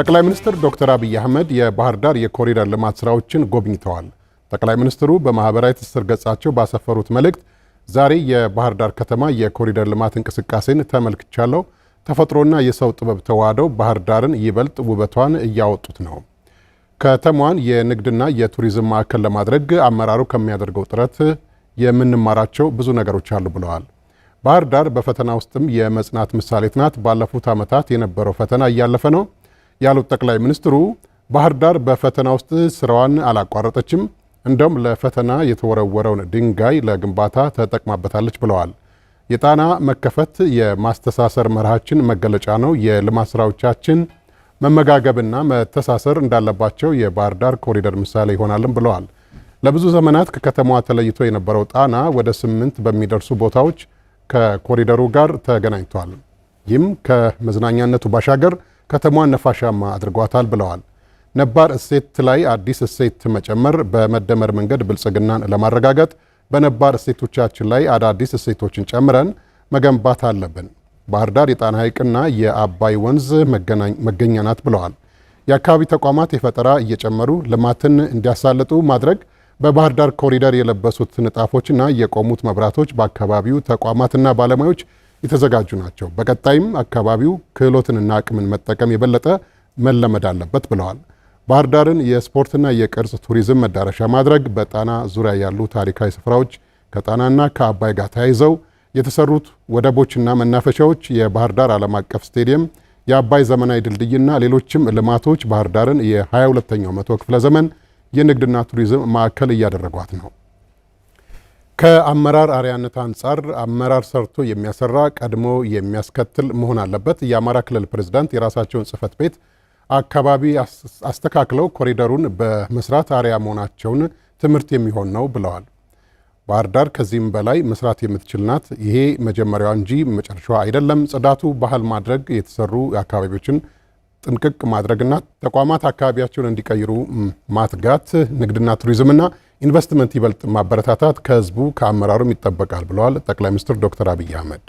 ጠቅላይ ሚኒስትር ዶክተር አብይ አህመድ የባህር ዳር የኮሪደር ልማት ስራዎችን ጎብኝተዋል። ጠቅላይ ሚኒስትሩ በማኅበራዊ ትስስር ገጻቸው ባሰፈሩት መልእክት ዛሬ የባህር ዳር ከተማ የኮሪደር ልማት እንቅስቃሴን ተመልክቻለሁ። ተፈጥሮና የሰው ጥበብ ተዋህደው ባህር ዳርን ይበልጥ ውበቷን እያወጡት ነው። ከተማዋን የንግድና የቱሪዝም ማዕከል ለማድረግ አመራሩ ከሚያደርገው ጥረት የምንማራቸው ብዙ ነገሮች አሉ ብለዋል። ባህር ዳር በፈተና ውስጥም የመጽናት ምሳሌት ናት። ባለፉት ዓመታት የነበረው ፈተና እያለፈ ነው። ያሉት ጠቅላይ ሚኒስትሩ ባህር ዳር በፈተና ውስጥ ስራዋን አላቋረጠችም፣ እንደውም ለፈተና የተወረወረውን ድንጋይ ለግንባታ ተጠቅማበታለች ብለዋል። የጣና መከፈት የማስተሳሰር መርሃችን መገለጫ ነው። የልማት ስራዎቻችን መመጋገብና መተሳሰር እንዳለባቸው የባህር ዳር ኮሪደር ምሳሌ ይሆናልም ብለዋል። ለብዙ ዘመናት ከከተማዋ ተለይቶ የነበረው ጣና ወደ ስምንት በሚደርሱ ቦታዎች ከኮሪደሩ ጋር ተገናኝቷል። ይህም ከመዝናኛነቱ ባሻገር ከተማዋን ነፋሻማ አድርጓታል ብለዋል። ነባር እሴት ላይ አዲስ እሴት መጨመር በመደመር መንገድ ብልጽግናን ለማረጋገጥ በነባር እሴቶቻችን ላይ አዳዲስ እሴቶችን ጨምረን መገንባት አለብን። ባህር ዳር የጣና ሐይቅና የአባይ ወንዝ መገኛ ናት ብለዋል። የአካባቢ ተቋማት የፈጠራ እየጨመሩ ልማትን እንዲያሳልጡ ማድረግ በባህር ዳር ኮሪደር የለበሱት ንጣፎችና የቆሙት መብራቶች በአካባቢው ተቋማትና ባለሙያዎች የተዘጋጁ ናቸው። በቀጣይም አካባቢው ክህሎትንና አቅምን መጠቀም የበለጠ መለመድ አለበት ብለዋል። ባህር ዳርን የስፖርትና የቅርጽ ቱሪዝም መዳረሻ ማድረግ በጣና ዙሪያ ያሉ ታሪካዊ ስፍራዎች ከጣናና ከአባይ ጋር ተያይዘው የተሰሩት ወደቦችና መናፈሻዎች፣ የባህር ዳር ዓለም አቀፍ ስቴዲየም፣ የአባይ ዘመናዊ ድልድይና ሌሎችም ልማቶች ባህር ዳርን የ22ኛው መቶ ክፍለ ዘመን የንግድና ቱሪዝም ማዕከል እያደረጓት ነው። ከአመራር አርያነት አንጻር አመራር ሰርቶ የሚያሰራ ቀድሞ የሚያስከትል መሆን አለበት። የአማራ ክልል ፕሬዝዳንት የራሳቸውን ጽህፈት ቤት አካባቢ አስተካክለው ኮሪደሩን በመስራት አርያ መሆናቸውን ትምህርት የሚሆን ነው ብለዋል። ባህር ዳር ከዚህም በላይ መስራት የምትችል ናት። ይሄ መጀመሪያዋ እንጂ መጨረሻዋ አይደለም። ጽዳቱ ባህል ማድረግ የተሰሩ አካባቢዎችን ጥንቅቅ ማድረግና ተቋማት አካባቢያቸውን እንዲቀይሩ ማትጋት፣ ንግድና ቱሪዝምና ኢንቨስትመንት ይበልጥ ማበረታታት ከህዝቡ ከአመራሩም ይጠበቃል ብለዋል ጠቅላይ ሚኒስትር ዶክተር አብይ አህመድ።